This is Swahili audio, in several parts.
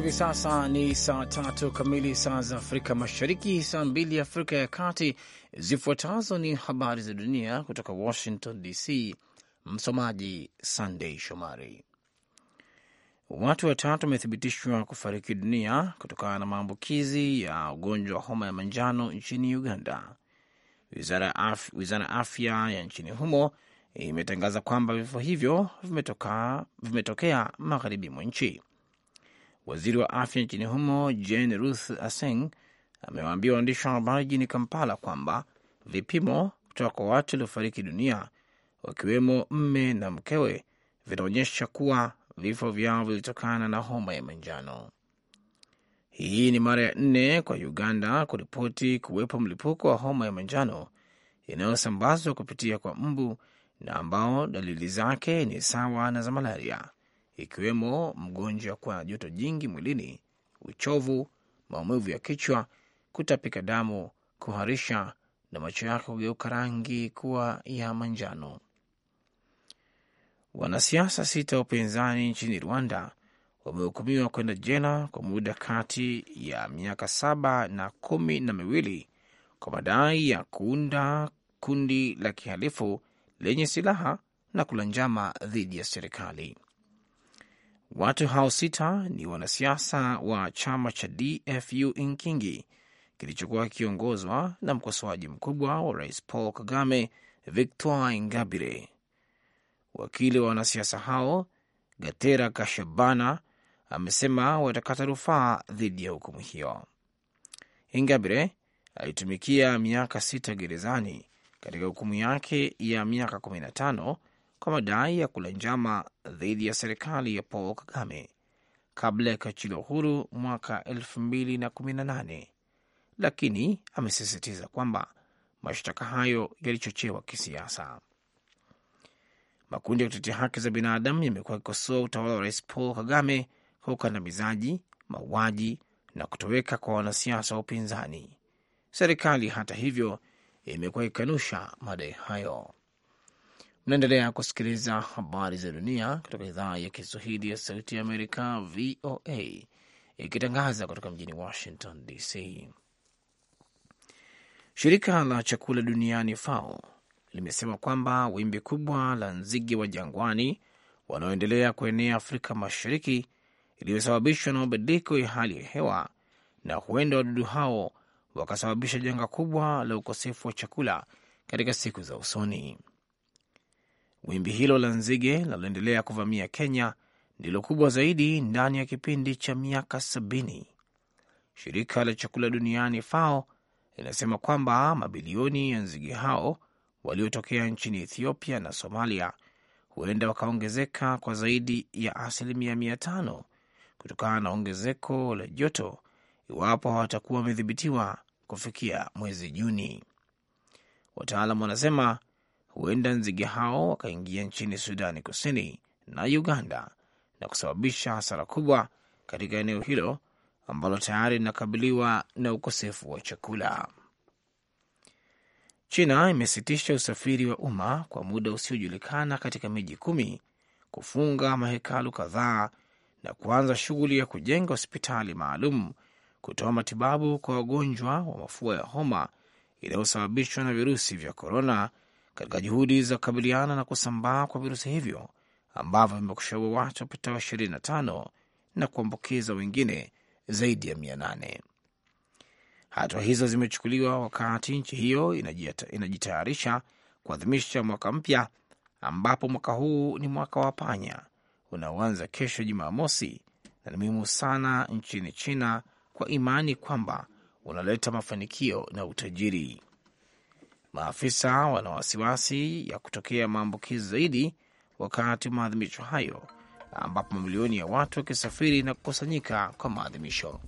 Hivi sasa ni saa tatu kamili saa za Afrika Mashariki, saa mbili Afrika ya Kati. Zifuatazo ni habari za dunia kutoka Washington DC. Msomaji Sandei Shomari. Watu watatu wamethibitishwa kufariki dunia kutokana na maambukizi ya ugonjwa wa homa ya manjano nchini Uganda. Wizara ya afya ya nchini humo imetangaza kwamba vifo hivyo vimetokea magharibi mwa nchi. Waziri wa afya nchini humo Jane Ruth Aseng amewaambia waandishi wa habari jijini Kampala kwamba vipimo kutoka kwa watu waliofariki dunia wakiwemo mme na mkewe vinaonyesha kuwa vifo vyao vilitokana na homa ya manjano. Hii ni mara ya nne kwa Uganda kuripoti kuwepo mlipuko wa homa ya manjano inayosambazwa kupitia kwa mbu na ambao dalili zake ni sawa na za malaria ikiwemo mgonjwa kuwa na joto jingi mwilini, uchovu, maumivu ya kichwa, kutapika damu, kuharisha na macho yake kugeuka rangi kuwa ya manjano. Wanasiasa sita wa upinzani nchini Rwanda wamehukumiwa kwenda jela kwa muda kati ya miaka saba na kumi na miwili kwa madai ya kuunda kundi la kihalifu lenye silaha na kula njama dhidi ya serikali. Watu hao sita ni wanasiasa wa chama cha DFU Inkingi kilichokuwa kiongozwa na mkosoaji mkubwa wa rais Paul Kagame, victor Ingabire. Wakili wa wanasiasa hao Gatera Kashabana amesema watakata rufaa dhidi ya hukumu hiyo. Ingabire alitumikia miaka sita gerezani katika hukumu yake ya miaka kumi na tano kwa madai ya kula njama dhidi ya serikali ya Paul Kagame kabla ya kuachiliwa huru mwaka 2018 lakini amesisitiza kwamba mashtaka hayo yalichochewa kisiasa. Makundi ya kutetea haki za binadamu yamekuwa yakikosoa utawala wa rais Paul Kagame kwa ukandamizaji, mauaji na kutoweka kwa wanasiasa wa upinzani. Serikali hata hivyo imekuwa ikikanusha madai hayo. Mnaendelea kusikiliza habari za dunia kutoka idhaa ya Kiswahili ya Sauti ya Amerika, VOA, ikitangaza kutoka mjini Washington DC. Shirika la chakula duniani FAO limesema kwamba wimbi kubwa la nzige wa jangwani wanaoendelea kuenea Afrika Mashariki iliyosababishwa na mabadiliko ya hali ya hewa, na huenda wadudu hao wakasababisha janga kubwa la ukosefu wa chakula katika siku za usoni. Wimbi hilo la nzige linaloendelea kuvamia Kenya ndilo kubwa zaidi ndani ya kipindi cha miaka sabini. Shirika la chakula duniani FAO linasema kwamba mabilioni ya nzige hao waliotokea nchini Ethiopia na Somalia huenda wakaongezeka kwa zaidi ya asilimia mia tano kutokana na ongezeko la joto iwapo hawatakuwa wamedhibitiwa kufikia mwezi Juni. Wataalam wanasema huenda nzige hao wakaingia nchini Sudani Kusini na Uganda na kusababisha hasara kubwa katika eneo hilo ambalo tayari linakabiliwa na ukosefu wa chakula. China imesitisha usafiri wa umma kwa muda usiojulikana katika miji kumi, kufunga mahekalu kadhaa na kuanza shughuli ya kujenga hospitali maalum kutoa matibabu kwa wagonjwa wa mafua ya homa inayosababishwa na virusi vya korona katika juhudi za kukabiliana na kusambaa kwa virusi hivyo ambavyo vimekushaua watu wapatao 25 na kuambukiza wengine zaidi ya 800. Hatua hizo zimechukuliwa wakati nchi hiyo inajitayarisha kuadhimisha mwaka mpya, ambapo mwaka huu ni mwaka wa panya unaoanza kesho Jumamosi, na ni muhimu sana nchini China kwa imani kwamba unaleta mafanikio na utajiri. Maafisa wana wasiwasi ya kutokea maambukizi zaidi wakati wa maadhimisho hayo, ambapo mamilioni ya watu wakisafiri na kukusanyika kwa maadhimisho.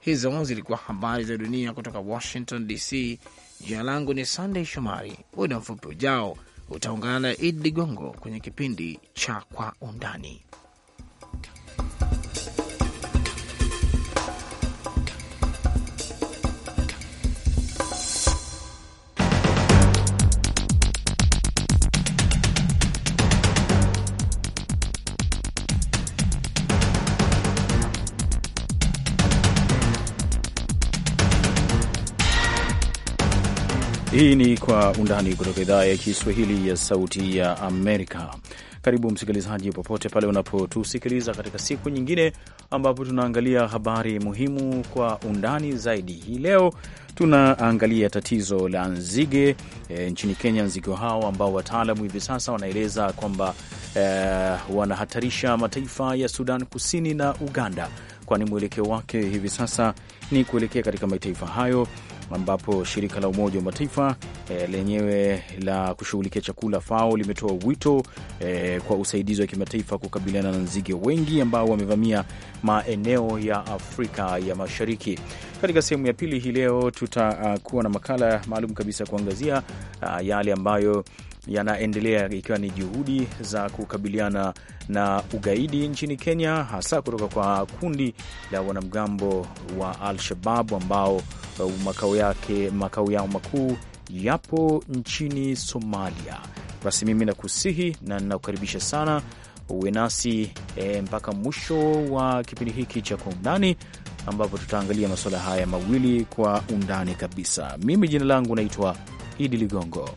Hizo zilikuwa habari za dunia kutoka Washington DC. Jina langu ni Sandey Shomari. Muda mfupi ujao utaungana na Idi Ligongo kwenye kipindi cha Kwa Undani. Hii ni Kwa Undani kutoka idhaa ya Kiswahili ya Sauti ya Amerika. Karibu msikilizaji, popote pale unapotusikiliza katika siku nyingine ambapo tunaangalia habari muhimu kwa undani zaidi. Hii leo tunaangalia tatizo la nzige e, nchini Kenya. Nzige hao ambao wataalamu hivi sasa wanaeleza kwamba e, wanahatarisha mataifa ya Sudan Kusini na Uganda, kwani mwelekeo wake hivi sasa ni kuelekea katika mataifa hayo ambapo shirika la Umoja wa Mataifa e, lenyewe la kushughulikia chakula FAO limetoa wito e, kwa usaidizi wa kimataifa kukabiliana na nzige wengi ambao wamevamia maeneo ya Afrika ya Mashariki. Katika sehemu ya pili hii leo tutakuwa na makala maalum kabisa kuangazia uh, yale ambayo yanaendelea ikiwa ni juhudi za kukabiliana na ugaidi nchini Kenya, hasa kutoka kwa kundi la wanamgambo wa Al-Shabab ambao uh, makao yake makao yao makuu yapo nchini Somalia. Basi mimi nakusihi na ninakukaribisha sana uwe nasi e, mpaka mwisho wa kipindi hiki cha Kwa Undani, ambapo tutaangalia masuala haya mawili kwa undani kabisa. Mimi jina langu naitwa Idi Ligongo.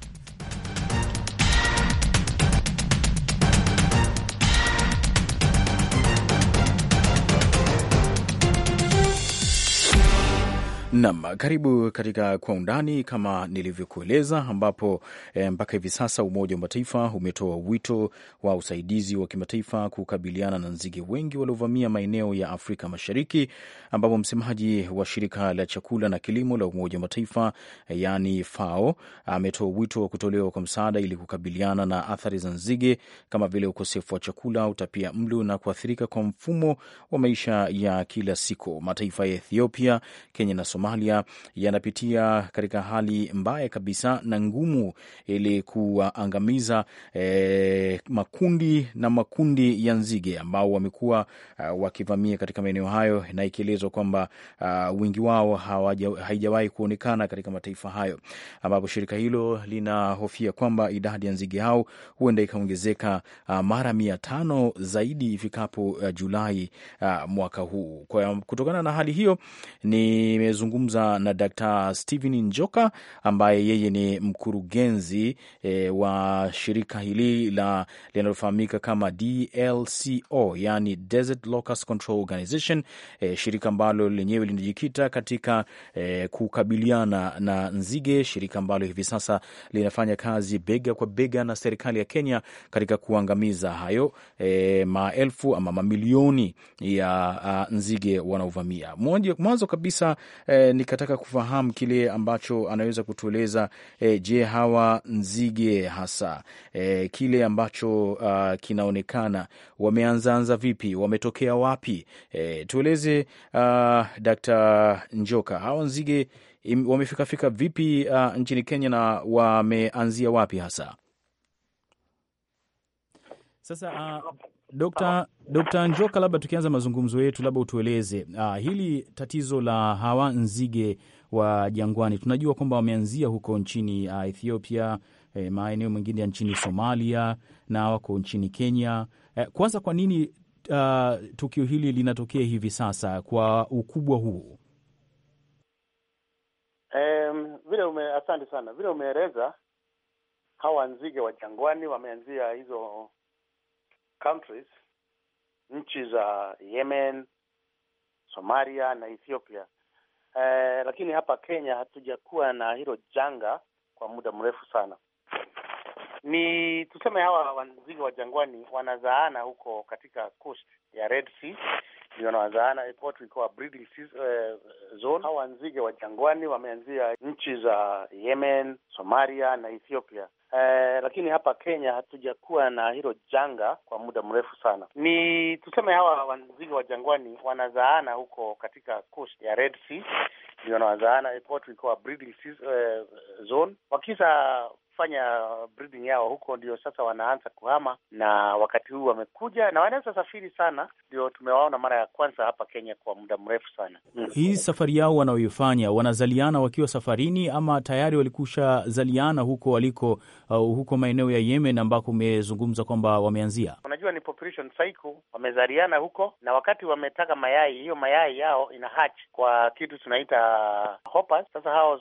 Nam, karibu katika Kwa Undani kama nilivyokueleza, ambapo e, mpaka hivi sasa Umoja wa Mataifa umetoa wito wa usaidizi wa kimataifa kukabiliana na nzige wengi waliovamia maeneo ya Afrika Mashariki, ambapo msemaji wa shirika la chakula na kilimo la Umoja wa Mataifa eh, yaani FAO ametoa wito wa kutolewa kwa msaada ili kukabiliana na athari za nzige kama vile ukosefu wa chakula, utapia mlo na kuathirika kwa mfumo wa maisha ya kila siku. Mataifa ya Ethiopia, Kenya na Somalia Somalia yanapitia katika hali mbaya kabisa na ngumu ili kuwaangamiza e, makundi na makundi ya nzige ambao wamekuwa uh, wakivamia katika maeneo hayo, na ikielezwa kwamba uh, ah, wingi wao haijawahi kuonekana katika mataifa hayo, ambapo shirika hilo linahofia kwamba idadi ya nzige hao huenda ikaongezeka uh, mara mia tano zaidi ifikapo uh, Julai uh, mwaka huu. Kwa kutokana na hali hiyo nimezungumza nimezungumza na Dr. Steven Njoka ambaye yeye ni mkurugenzi e, wa shirika hili la linalofahamika kama DLCO, yani Desert Locust Control Organization, e, shirika ambalo lenyewe linajikita katika e, kukabiliana na nzige, shirika ambalo hivi sasa linafanya kazi bega kwa bega na serikali ya Kenya katika kuangamiza hayo e, maelfu ama mamilioni ya a, ah, nzige wanaovamia. Mwanzo kabisa e, eh, nikataka kufahamu kile ambacho anaweza kutueleza eh, je, hawa nzige hasa eh, kile ambacho uh, kinaonekana wameanzaanza vipi, wametokea wapi? eh, tueleze uh, ah, Dkt. Njoka, hawa nzige wamefikafika vipi uh, nchini Kenya na wameanzia wapi hasa sasa uh... Dokta Dokta Njoka, labda tukianza mazungumzo yetu, labda utueleze ah, hili tatizo la hawa nzige wa jangwani. Tunajua kwamba wameanzia huko nchini ah, Ethiopia, eh, maeneo mengine ya nchini Somalia na wako nchini Kenya. Eh, kwanza kwa nini ah, tukio hili linatokea hivi sasa kwa ukubwa huu? Um, vile ume, asante sana vile umeeleza hawa nzige wa jangwani wameanzia hizo countries, nchi za Yemen, Somalia na Ethiopia. Eh, lakini hapa Kenya hatujakuwa na hilo janga kwa muda mrefu sana. Ni tuseme hawa wanzige wa jangwani wanazaana huko katika coast ya Red Sea, ndio wanazaana breeding eh, zone. Hawa wanzige wa jangwani wameanzia nchi za Yemen, Somalia na Ethiopia eh, lakini hapa Kenya hatujakuwa na hilo janga kwa muda mrefu sana. Ni tuseme hawa wanzige wa jangwani wanazaana huko katika coast ya Red Sea, ndio wanazaana, iko breeding eh, zone wakisa kufanya breeding yao huko, ndio sasa wanaanza kuhama, na wakati huu wamekuja na wanaweza safiri sana, ndio tumewaona mara ya kwanza hapa Kenya kwa muda mrefu sana. Mm. Hii safari yao wanayoifanya, wanazaliana wakiwa safarini ama tayari walikusha zaliana huko waliko, uh, huko maeneo ya Yemen ambako umezungumza kwamba wameanzia? Unajua ni population cycle, wamezaliana huko na wakati wametaga mayai, hiyo mayai yao ina hatch kwa kitu tunaita hoppers. Sasa hao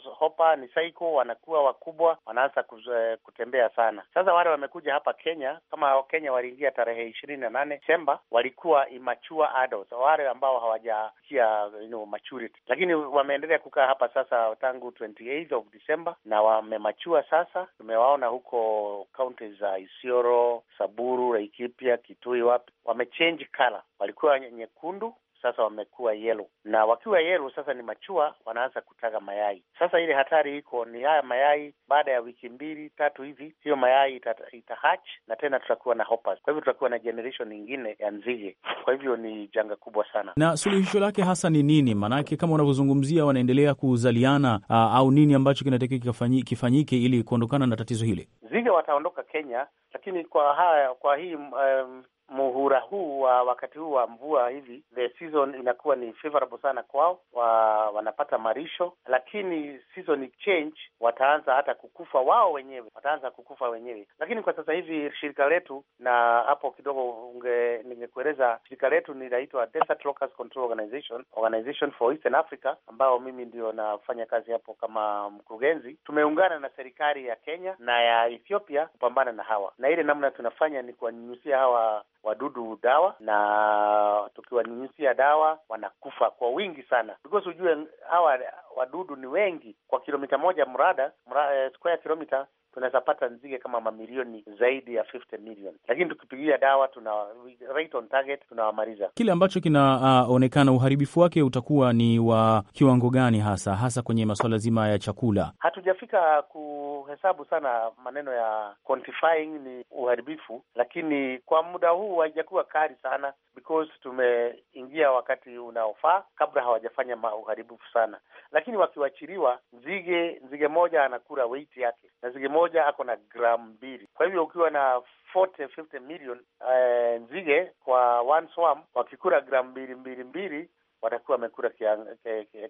ni cycle, wanakuwa wakubwa, wanaanza kuz eh, kutembea sana. Sasa wale wamekuja hapa Kenya, kama Wakenya waliingia tarehe ishirini na nane Desemba, walikuwa immature adults, wale ambao hawajafikia you know, maturity, lakini wameendelea kukaa hapa sasa tangu 28 of December na wamemachua sasa. Tumewaona huko kaunti za isioro saburu Laikipia, Kitui, wapi wamechange color, walikuwa nyekundu sasa wamekuwa yelo, na wakiwa yelo sasa ni machua, wanaanza kutaga mayai. Sasa ile hatari iko ni haya mayai, baada ya wiki mbili tatu hivi, hiyo mayai itata, itahatch na tena tutakuwa na hoppers. Kwa hivyo tutakuwa na generation nyingine ya nzige. Kwa hivyo ni janga kubwa sana, na suluhisho lake hasa ni nini? Maanake kama unavyozungumzia wanaendelea kuzaliana, uh, au nini ambacho kinatakiwa kifanyike ili kuondokana na tatizo hili? Nzige wataondoka Kenya, lakini kwa haya, kwa hii um, muhura huu wa wakati huu wa mvua hivi, the season inakuwa ni favorable sana kwao, wa wanapata marisho, lakini season change, wataanza hata kukufa wao wenyewe, wataanza kukufa wenyewe. Lakini kwa sasa hivi shirika letu, na hapo kidogo unge ningekueleza, shirika letu linaitwa Desert Locust Control Organization, Organization for Eastern Africa, ambao mimi ndio nafanya kazi hapo kama mkurugenzi. Tumeungana na serikali ya Kenya na ya Ethiopia kupambana na hawa, na ile namna tunafanya ni kuwanyunyusia hawa wadudu dawa, na tukiwanyunyizia dawa wanakufa kwa wingi sana, because ujue hawa wadudu ni wengi kwa kilomita moja mrada, mrada eh, square kilomita tunaweza pata nzige kama mamilioni zaidi ya 50 million, lakini tukipigia dawa tuna right on target, tunawamaliza. Kile ambacho kinaonekana uh, uharibifu wake utakuwa ni wa kiwango gani hasa hasa kwenye masuala zima ya chakula? Hatujafika kuhesabu sana maneno ya quantifying ni uharibifu, lakini kwa muda huu haijakuwa kali sana because tumeingia wakati unaofaa kabla hawajafanya uharibifu sana, lakini wakiwachiriwa nzige, nzige moja anakula weight yake na nzige moja mmoja ako na gramu mbili. Kwa hivyo ukiwa na 40, 50 million eh, nzige kwa one swarm wakikula gram mbili mbili mbili watakuwa wamekula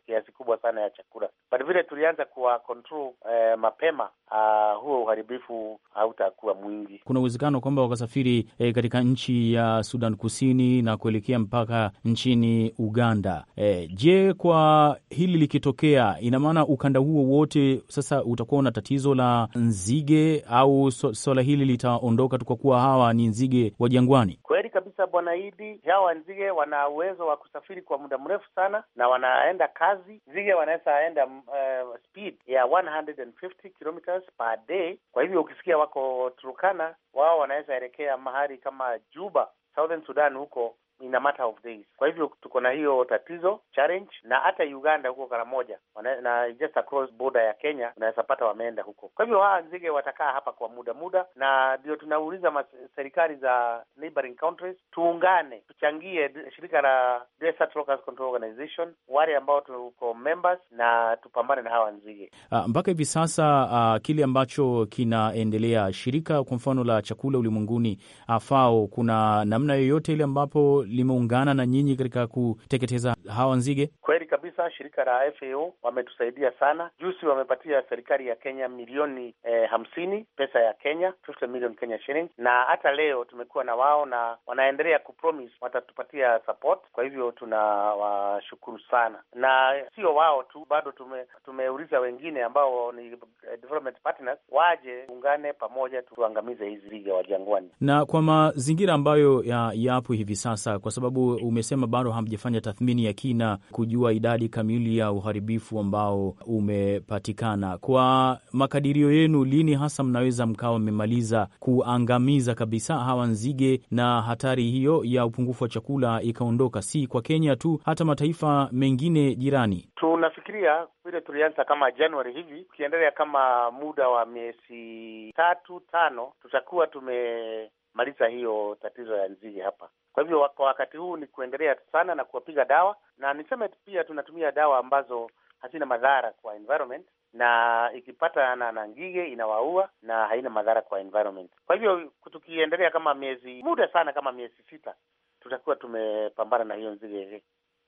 kiasi kubwa sana ya chakula, but vile tulianza kuwa control eh, mapema ah, huo uharibifu hautakuwa mwingi. Kuna uwezekano kwamba wakasafiri eh, katika nchi ya Sudan Kusini na kuelekea mpaka nchini Uganda. Eh, je, kwa hili likitokea, ina maana ukanda huo wote sasa utakuwa una tatizo la nzige au swala hili litaondoka tu kwa kuwa hawa ni nzige wa jangwani? Kweli kabisa, Bwana Idi, hawa nzige wana uwezo wa kusafiri kwa muda muda mrefu sana, na wanaenda kazi zige wanaweza enda uh, speed ya 150 kilometers per day. Kwa hivyo ukisikia wako turukana wao wanaweza elekea mahali kama Juba, Southern Sudan huko in a matter of days. Kwa hivyo tuko na hiyo tatizo challenge, na hata Uganda huko Karamoja na just across border ya Kenya unaweza pata wameenda huko. Kwa hivyo hawa nzige watakaa hapa kwa muda muda, na ndio tunauliza serikali za neighboring countries, tuungane, tuchangie shirika la Desert Locust Control Organization, wale ambao tuko members, na tupambane na hawa nzige. Ah, mpaka hivi sasa a, ah, kile ambacho kinaendelea shirika kwa mfano la chakula ulimwenguni ah, FAO, kuna namna yoyote ile ambapo limeungana na nyinyi katika kuteketeza hawa nzige? Kweli kabisa, shirika la FAO wametusaidia sana. Juzi wamepatia serikali ya Kenya milioni eh, hamsini pesa ya Kenya, 50 million Kenya shilling, na hata leo tumekuwa na wao na wanaendelea kupromise watatupatia support. Kwa hivyo tunawashukuru sana, na sio wao tu, bado tume, tumeuliza wengine ambao ni eh, development partners waje ungane pamoja tuangamize hizi nzige wa jangwani, na kwa mazingira ambayo yapo ya hivi sasa, kwa sababu umesema bado hamjafanya tathmini ya kina kujua idadi kamili ya uharibifu ambao umepatikana. Kwa makadirio yenu, lini hasa mnaweza mkawa mmemaliza kuangamiza kabisa hawa nzige na hatari hiyo ya upungufu wa chakula ikaondoka, si kwa Kenya tu, hata mataifa mengine jirani? Tunafikiria vile tulianza kama Januari hivi, ukiendelea kama muda wa miezi tatu tano, tutakuwa tume kumaliza hiyo tatizo ya nzige hapa. Kwa hivyo kwa wakati huu ni kuendelea sana na kuwapiga dawa, na niseme pia tunatumia dawa ambazo hazina madhara kwa environment na ikipata na, na ngige inawaua na haina madhara kwa environment. Kwa hivyo tukiendelea kama miezi muda sana kama miezi sita, tutakuwa tumepambana na hiyo nzige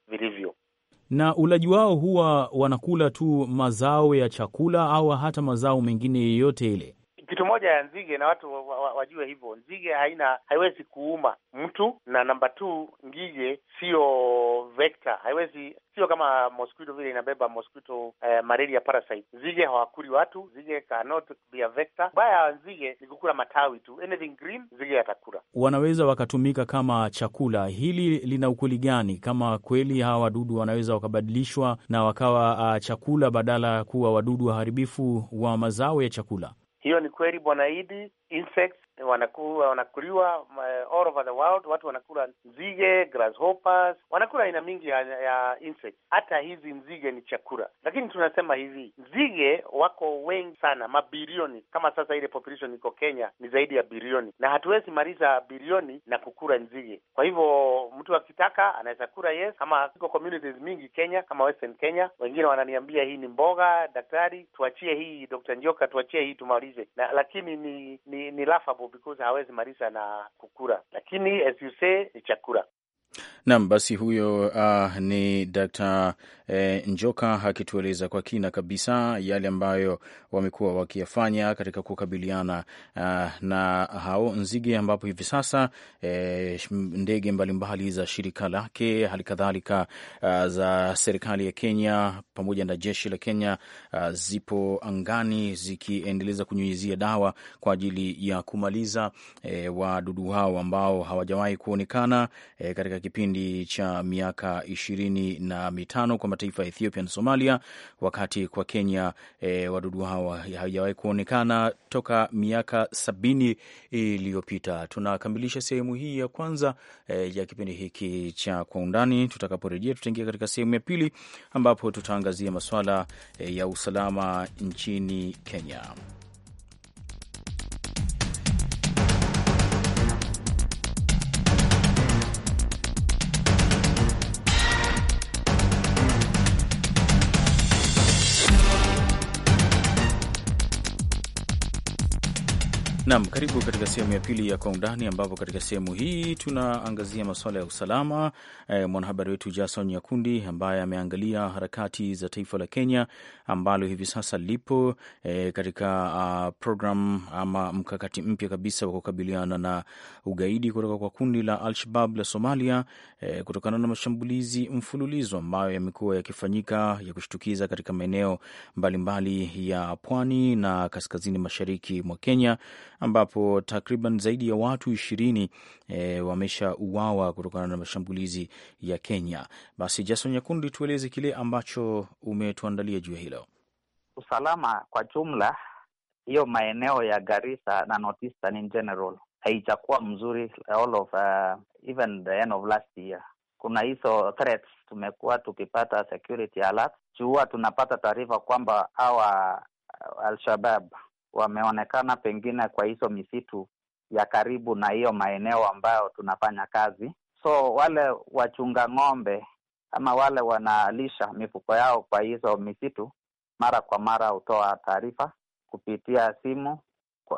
vilivyo. Na ulaji wao huwa wanakula tu mazao ya chakula au hata mazao mengine yeyote ile? kitu moja ya nzige, na watu wa, wa, wajue hivyo, nzige haina haiwezi kuuma mtu, na namba tu, ngige sio vector, haiwezi sio kama mosquito vile inabeba mosquito eh, malaria parasite. Nzige hawakuli watu, nzige cannot be a vector. Baya ya nzige ni kukula matawi tu, anything green nzige yatakula. Wanaweza wakatumika kama chakula. Hili lina ukweli gani? Kama kweli hawa wadudu wanaweza wakabadilishwa na wakawa uh, chakula badala ya kuwa wadudu waharibifu wa mazao ya chakula. Hiyo ni kweli bwana Idi, insects wanaku, wanakuliwa eh, all over the world. Watu wanakula nzige, grasshoppers, wanakula aina mingi ya, ya insect. Hata hizi nzige ni chakula, lakini tunasema hivi, nzige wako wengi sana, mabilioni. Kama sasa ile population iko Kenya ni zaidi ya bilioni, na hatuwezi maliza bilioni na kukula nzige. Kwa hivyo mtu akitaka anaweza kula, yes. Kama iko communities mingi Kenya, kama Western Kenya, wengine wananiambia hii ni mboga, daktari tuachie hii, Dr. Njoka tuachie hii tumalize na, lakini ni ni, ni laughable because hawezi maliza na kukura, lakini as you say ni chakura Nam, basi huyo uh, ni d eh, Njoka akitueleza kwa kina kabisa yale ambayo wamekuwa wakiyafanya katika kukabiliana uh, na hao nzige, ambapo hivi sasa eh, ndege mbalimbali za shirika lake hali kadhalika uh, za serikali ya Kenya pamoja na jeshi la Kenya uh, zipo angani zikiendeleza kunyunyizia dawa kwa ajili ya kumaliza eh, wadudu hao ambao hawajawahi kuonekana eh, katika kipindi kipindi cha miaka ishirini na mitano kwa mataifa ya Ethiopia na Somalia, wakati kwa Kenya e, wadudu hawa hawajawahi kuonekana toka miaka sabini iliyopita. Tunakamilisha sehemu hii ya kwanza e, ya kipindi hiki cha Kwa Undani. Tutakaporejea tutaingia katika sehemu ya pili ambapo tutaangazia masuala e, eh, ya usalama nchini Kenya. Nam, karibu katika sehemu ya pili ya Kwa Undani, ambapo katika sehemu hii tunaangazia masuala ya usalama. E, mwanahabari wetu Jason Nyakundi ambaye ameangalia harakati za taifa la Kenya ambalo hivi sasa lipo e, katika uh, program ama mkakati mpya kabisa wa kukabiliana na ugaidi kutoka kwa kundi la Alshabab la Somalia e, kutokana na mashambulizi mfululizo ambayo yamekuwa yakifanyika ya kushtukiza katika maeneo mbalimbali ya pwani na kaskazini mashariki mwa Kenya ambapo takriban zaidi ya watu ishirini e, wameshauawa kutokana na mashambulizi ya Kenya. Basi Jason Nyakundi, tueleze kile ambacho umetuandalia juu ya hilo. Usalama kwa jumla hiyo maeneo ya Garissa na North in general haijakuwa mzuri all of uh, even the end of last year. Kuna hizo threats tumekuwa tukipata security alert, huwa tunapata taarifa kwamba hawa uh, Alshabab wameonekana pengine kwa hizo misitu ya karibu na hiyo maeneo ambayo tunafanya kazi. So wale wachunga ng'ombe ama wale wanalisha mifugo yao kwa hizo misitu, mara kwa mara hutoa taarifa kupitia simu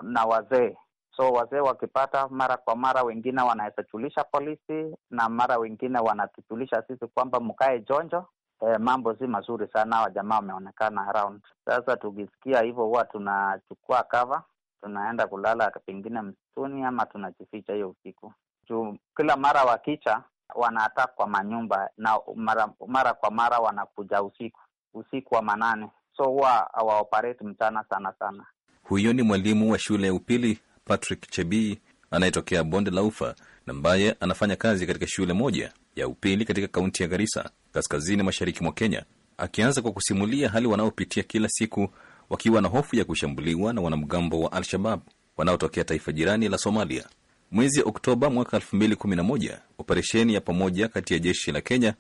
na wazee. So wazee wakipata mara kwa mara, wengine wanawezajulisha polisi na mara wengine wanatujulisha sisi kwamba mkae jonjo, eh, mambo si mazuri sana. Hawa jamaa wameonekana around. Sasa tukisikia hivyo, huwa tunachukua cover, tunaenda kulala pengine msituni ama tunajificha hiyo usiku juu kila mara wakicha wanaata kwa manyumba na mara, mara kwa mara wanakuja usiku usiku wa manane, so huwa hawaoperate mchana sana sana. Huyo ni mwalimu wa shule ya upili Patrick Chebii anayetokea bonde la Ufa na ambaye anafanya kazi katika shule moja ya upili katika kaunti ya Garisa, kaskazini mashariki mwa Kenya, akianza kwa kusimulia hali wanaopitia kila siku wakiwa na hofu ya kushambuliwa na wanamgambo wa Al-Shabab wanaotokea taifa jirani la Somalia. Mwezi Oktoba mwaka 2011 operesheni ya pamoja kati ya jeshi la Kenya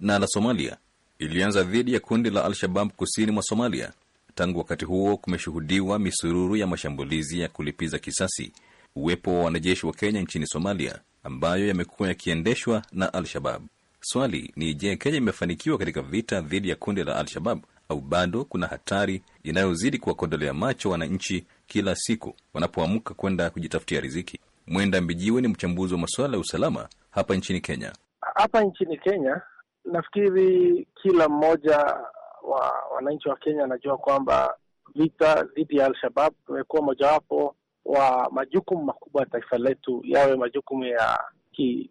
na la Somalia ilianza dhidi ya kundi la Al-Shabab kusini mwa Somalia. Tangu wakati huo kumeshuhudiwa misururu ya mashambulizi ya kulipiza kisasi. Uwepo wa wanajeshi wa Kenya nchini Somalia ambayo yamekuwa yakiendeshwa na Al-Shabab. Swali ni je, Kenya imefanikiwa katika vita dhidi ya kundi la Al-Shabab au bado kuna hatari inayozidi kuwakondolea macho wananchi kila siku wanapoamka kwenda kujitafutia riziki? Mwenda Mbijiwe ni mchambuzi wa masuala ya usalama hapa nchini Kenya. Hapa nchini Kenya, nafikiri kila mmoja wa wananchi wa Kenya anajua kwamba vita dhidi ya Al-Shabab imekuwa mojawapo wa majukumu makubwa ya taifa letu, yawe majukumu ya ki,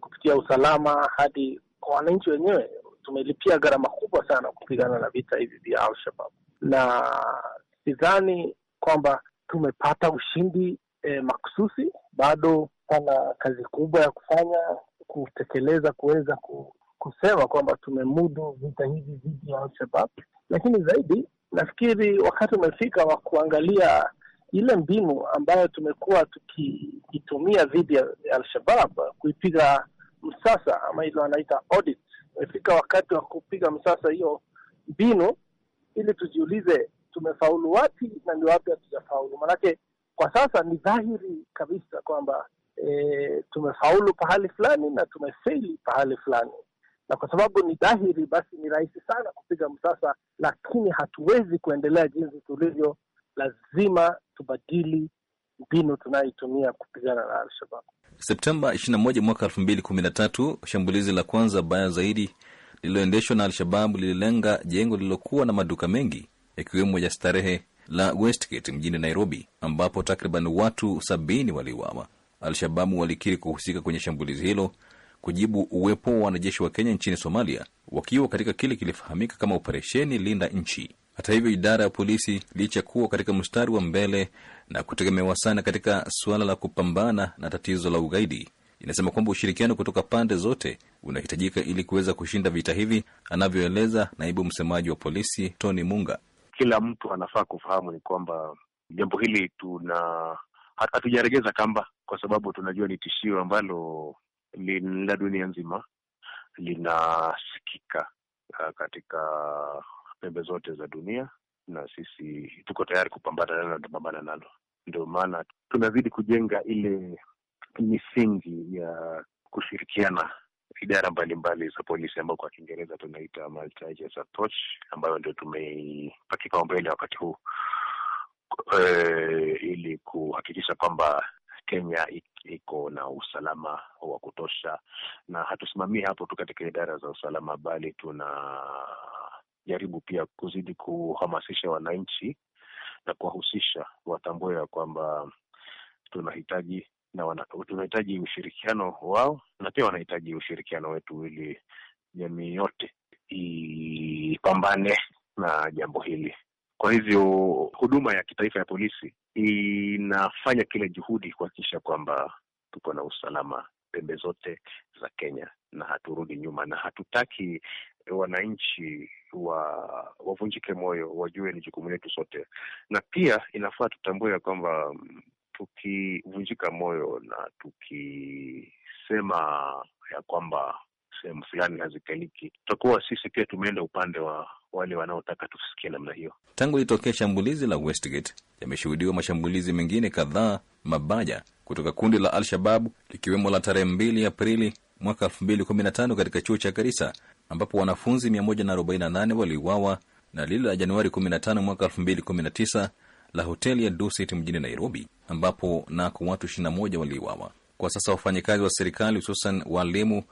kupitia usalama hadi kwa wananchi wenyewe. Tumelipia gharama kubwa sana kupigana na vita hivi vya alshabab na sidhani kwamba tumepata ushindi e, makususi. Bado pana kazi kubwa ya kufanya kutekeleza, kuweza kusema kwamba tumemudu vita hivi dhidi ya alshabab lakini zaidi nafikiri wakati umefika wa kuangalia ile mbinu ambayo tumekuwa tukiitumia dhidi ya Al-Shabab kuipiga msasa ama ile wanaita audit, imefika wakati wa kupiga msasa hiyo mbinu ili tujiulize tumefaulu wapi na ni wapi hatujafaulu. Manake kwa sasa ni dhahiri kabisa kwamba e, tumefaulu pahali fulani na tumefeli pahali fulani, na kwa sababu ni dhahiri, basi ni rahisi sana kupiga msasa, lakini hatuwezi kuendelea jinsi tulivyo lazima tubadili mbinu tunayoitumia kupigana na Alshabab. Septemba 21 mwaka 2013, shambulizi la kwanza baya zaidi lililoendeshwa na Al-Shababu lililenga jengo lililokuwa na maduka mengi yakiwemo ya starehe la Westgate mjini Nairobi, ambapo takriban watu sabini waliuawa. Alshababu walikiri kuhusika kwenye shambulizi hilo kujibu uwepo wa wanajeshi wa Kenya nchini Somalia wakiwa katika kile kilifahamika kama Operesheni Linda Nchi. Hata hivyo, idara ya polisi licha kuwa katika mstari wa mbele na kutegemewa sana katika suala la kupambana na tatizo la ugaidi, inasema kwamba ushirikiano kutoka pande zote unahitajika ili kuweza kushinda vita hivi, anavyoeleza naibu msemaji wa polisi Tony Munga. Kila mtu anafaa kufahamu ni kwamba jambo hili tuna hatujaregeza kamba, kwa sababu tunajua ni tishio ambalo la dunia nzima linasikika ah, katika pembe zote za dunia, na sisi tuko tayari kupambana nalo na tutapambana nalo. Ndio maana tunazidi kujenga ile misingi ya kushirikiana idara mbalimbali za polisi ambayo kwa Kiingereza tunaita multi-agency approach, ambayo ndio tumeipa kipaumbele wakati huu e, ili kuhakikisha kwamba Kenya iko na usalama wa kutosha, na hatusimamii hapo tu katika idara za usalama, bali tuna jaribu pia kuzidi kuhamasisha wananchi na kuwahusisha, watambue ya kwamba tunahitaji na tunahitaji ushirikiano wao na pia wanahitaji ushirikiano wetu, ili jamii yote ipambane na jambo hili. Kwa hivyo huduma ya kitaifa ya polisi inafanya kile juhudi kuhakikisha kwamba tuko na usalama pembe zote za Kenya, na haturudi nyuma na hatutaki wananchi wa wavunjike moyo, wajue ni jukumu letu sote, na pia inafaa tutambue ya kwamba mm, tukivunjika moyo na tukisema ya kwamba sehemu fulani hazikaliki. Tutakuwa sisi pia tumeenda upande wa wale wanaotaka tusikie namna hiyo. Tangu litokea shambulizi la Westgate, yameshuhudiwa mashambulizi mengine kadhaa mabaya kutoka kundi la Al-Shababu likiwemo la tarehe mbili Aprili mwaka elfu mbili kumi na tano katika chuo cha Garissa ambapo wanafunzi 148 waliuawa na lile la Januari tano mwaka tisa la hoteli ya Dusit mjini Nairobi ambapo nako watu 21 waliuawa. Kwa sasa wafanyakazi wa serikali hususan walimu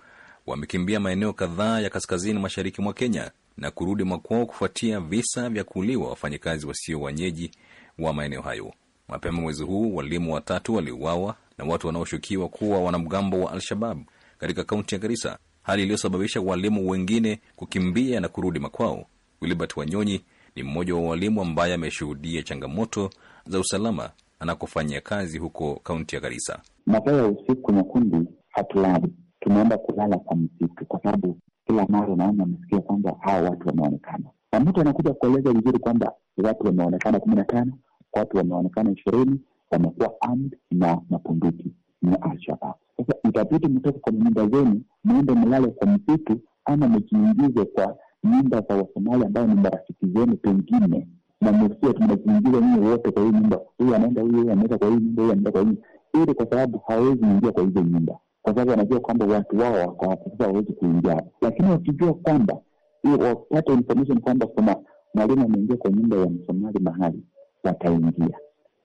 wamekimbia maeneo kadhaa ya kaskazini mashariki mwa Kenya na kurudi makwao kufuatia visa vya kuuliwa wafanyakazi wasio wenyeji wa maeneo hayo. Mapema mwezi huu walimu watatu waliuawa na watu wanaoshukiwa kuwa wanamgambo wa Al-Shabab katika kaunti ya Garissa, hali iliyosababisha walimu wengine kukimbia na kurudi makwao. Wilibert Wanyonyi ni mmoja wa walimu ambaye ameshuhudia changamoto za usalama anakofanyia kazi huko kaunti ya Garissa. Masaa ya usiku makundi tunaenda kulala kwa msitu, kwa sababu kila mara naona amesikia kwamba hawa watu wameonekana, na mtu anakuja kueleza vizuri kwamba watu wameonekana kumi na tano, watu wameonekana ishirini, wamekuwa armed na mapunduki na Alshabab. Sasa itabidi mtoke kwa nyumba zenu mwende mlale kwa msitu, ama mjiingize kwa nyumba za Wasomali ambayo ni marafiki zenu pengine na msia tunajiingiza nyinyi wote kwa hii nyumba, huyu anaenda, huyu anaenda kwa hii nyumba, huyu anaenda kwa hii, ili kwa sababu hawezi ingia kwa hizo nyumba kwa sababu wanajua kwamba watu wao wako wawezi kuingia hapo. Lakini wakijua kwamba wapate information kwamba kuna mwalimu ameingia kwa nyumba ya Msomali mahali, wataingia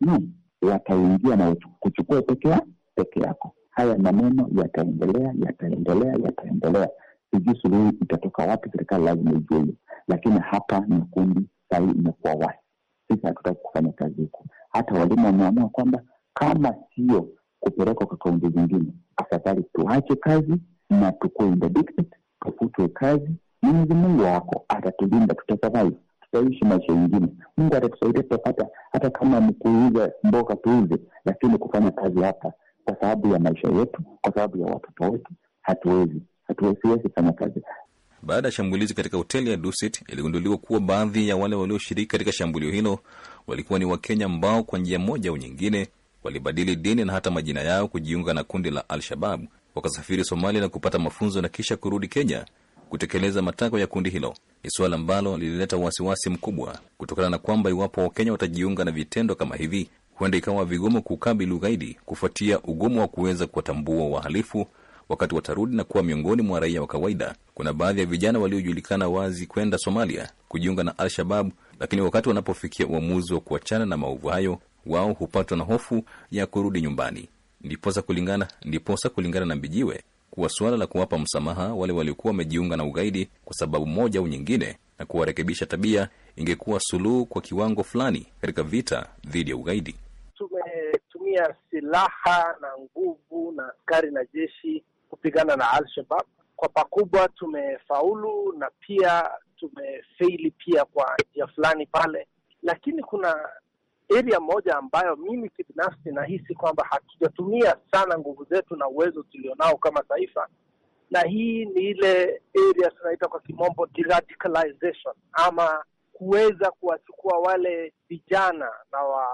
no, wataingia na kuchukua peke peke yako. Haya maneno yataendelea, yataendelea, yataendelea. Sijui suluhu itatoka wapi, serikali lazima ijue, lakini hapa nyekundu sai imekuwa wasi, sisi hatutaki kufanya kazi huku. Hata walimu wameamua kwamba kama sio kupelekwa kwa kaunti zingine afadhali tuache kazi na tukuwe independent, tufutwe kazi. Mwenyezi Mungu wako atatulinda, tutasurvive, tutaishi maisha yingine Mungu atatusaidia, tutapata hata kama ni kuuza mboga tuuze, lakini kufanya kazi hapa, kwa sababu ya maisha yetu, kwa sababu ya watoto wetu, hatuwezi hatuwezi fanya kazi. Baada ya shambulizi katika hoteli ya Dusit, iligunduliwa kuwa baadhi ya wale walioshiriki katika shambulio hilo walikuwa ni Wakenya ambao kwa njia moja au nyingine walibadili dini na hata majina yao kujiunga na kundi la Al-Shababu, wakasafiri Somalia na kupata mafunzo na kisha kurudi Kenya kutekeleza matakwa ya kundi hilo. Ni suala ambalo lilileta wasiwasi mkubwa kutokana na kwamba iwapo Wakenya watajiunga na vitendo kama hivi, huenda ikawa vigumu kukabili ugaidi kufuatia ugumu wa kuweza kuwatambua wahalifu wakati watarudi na kuwa miongoni mwa raia wa kawaida. Kuna baadhi ya vijana waliojulikana wazi kwenda Somalia kujiunga na Al-Shababu, lakini wakati wanapofikia uamuzi wa kuachana na maovu hayo wao hupatwa na hofu ya kurudi nyumbani. Ndiposa kulingana, ndiposa kulingana na Mbijiwe kuwa suala la kuwapa msamaha wale waliokuwa wamejiunga na ugaidi kwa sababu moja au nyingine na kuwarekebisha tabia ingekuwa suluhu kwa kiwango fulani katika vita dhidi ya ugaidi. Tumetumia silaha na nguvu na askari na jeshi kupigana na alshabab kwa pakubwa, tumefaulu na pia tumefeili pia kwa njia fulani pale, lakini kuna area moja ambayo mimi kibinafsi nahisi kwamba hatujatumia sana nguvu zetu na uwezo tulionao kama taifa, na hii ni ile area tunaita kwa kimombo deradicalization, ama kuweza kuwachukua wale vijana na wa,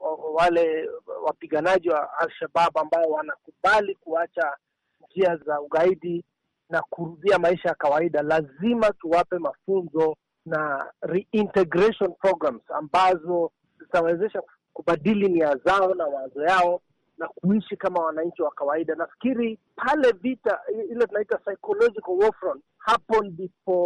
wa, wale wapiganaji wa alshabab ambao wanakubali kuacha njia za ugaidi na kurudia maisha ya kawaida. Lazima tuwape mafunzo na reintegration programs ambazo itawezesha kubadili nia zao na mawazo yao na kuishi kama wananchi wa kawaida. Nafikiri pale vita ile tunaita psychological warfront, hapo ndipo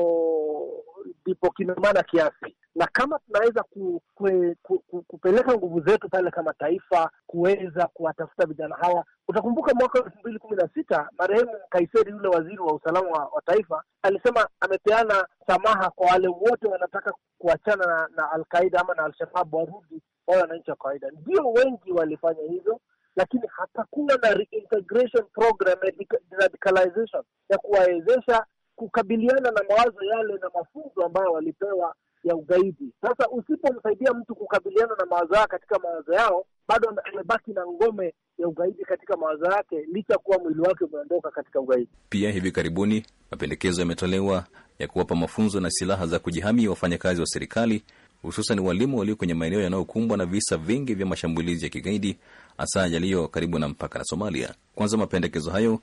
ndipo kinamana kiasi, na kama tunaweza ku, ku, ku, ku, kupeleka nguvu zetu pale kama taifa kuweza kuwatafuta vijana hawa. Utakumbuka mwaka elfu mbili kumi na sita marehemu Kaiseri yule waziri wa usalama wa, wa taifa alisema amepeana samaha kwa wale wote wanataka kuachana na, na Alqaida ama na Alshababu warudi wawe wananchi wa kawaida. Ndio wengi walifanya hivyo lakini hatakuwa na reintegration program ya radicalization ya kuwawezesha kukabiliana na mawazo yale na mafunzo ambayo walipewa ya ugaidi. Sasa usipomsaidia mtu kukabiliana na mawazo yao katika mawazo yao, bado amebaki na ngome ya ugaidi katika mawazo yake, licha kuwa mwili wake umeondoka katika ugaidi. Pia hivi karibuni mapendekezo yametolewa ya kuwapa mafunzo na silaha za kujihami wafanyakazi wa serikali hususan walimu walio kwenye maeneo yanayokumbwa na visa vingi vya mashambulizi ya kigaidi hasa yaliyo karibu na mpaka na Somalia. Kwanza, mapendekezo hayo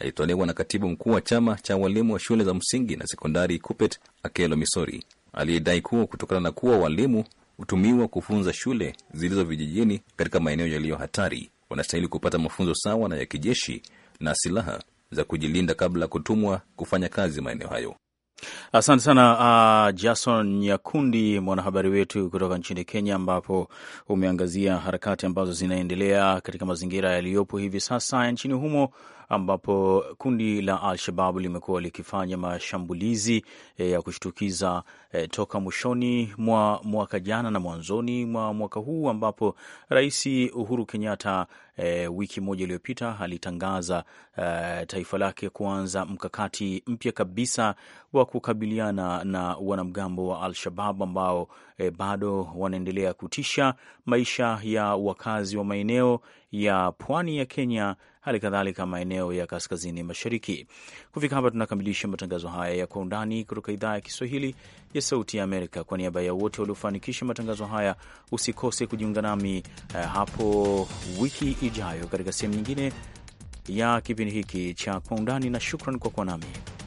yalitolewa na katibu mkuu wa chama cha walimu wa shule za msingi na sekondari cupet Akelo Misori, aliyedai kuwa kutokana na kuwa walimu hutumiwa kufunza shule zilizo vijijini katika maeneo yaliyo hatari, wanastahili kupata mafunzo sawa na ya kijeshi na silaha za kujilinda kabla ya kutumwa kufanya kazi maeneo hayo. Asante sana uh, Jason Nyakundi, mwanahabari wetu kutoka nchini Kenya, ambapo umeangazia harakati ambazo zinaendelea katika mazingira yaliyopo hivi sasa nchini humo ambapo kundi la Al-Shabab limekuwa likifanya mashambulizi eh, ya kushtukiza eh, toka mwishoni mwa mwaka jana na mwanzoni mwa mwaka huu, ambapo Rais Uhuru Kenyatta E, wiki moja iliyopita alitangaza e, taifa lake kuanza mkakati mpya kabisa wa kukabiliana na wanamgambo wa Al-Shabab ambao e, bado wanaendelea kutisha maisha ya wakazi wa maeneo ya pwani ya Kenya hali kadhalika maeneo ya kaskazini mashariki. Kufika hapa, tunakamilisha matangazo haya ya kwa undani kutoka idhaa ya Kiswahili ya Sauti ya Amerika. Kwa niaba ya wote waliofanikisha matangazo haya, usikose kujiunga nami eh, hapo wiki ijayo katika sehemu nyingine ya kipindi hiki cha kwa undani, na shukran kwa kuwa nami.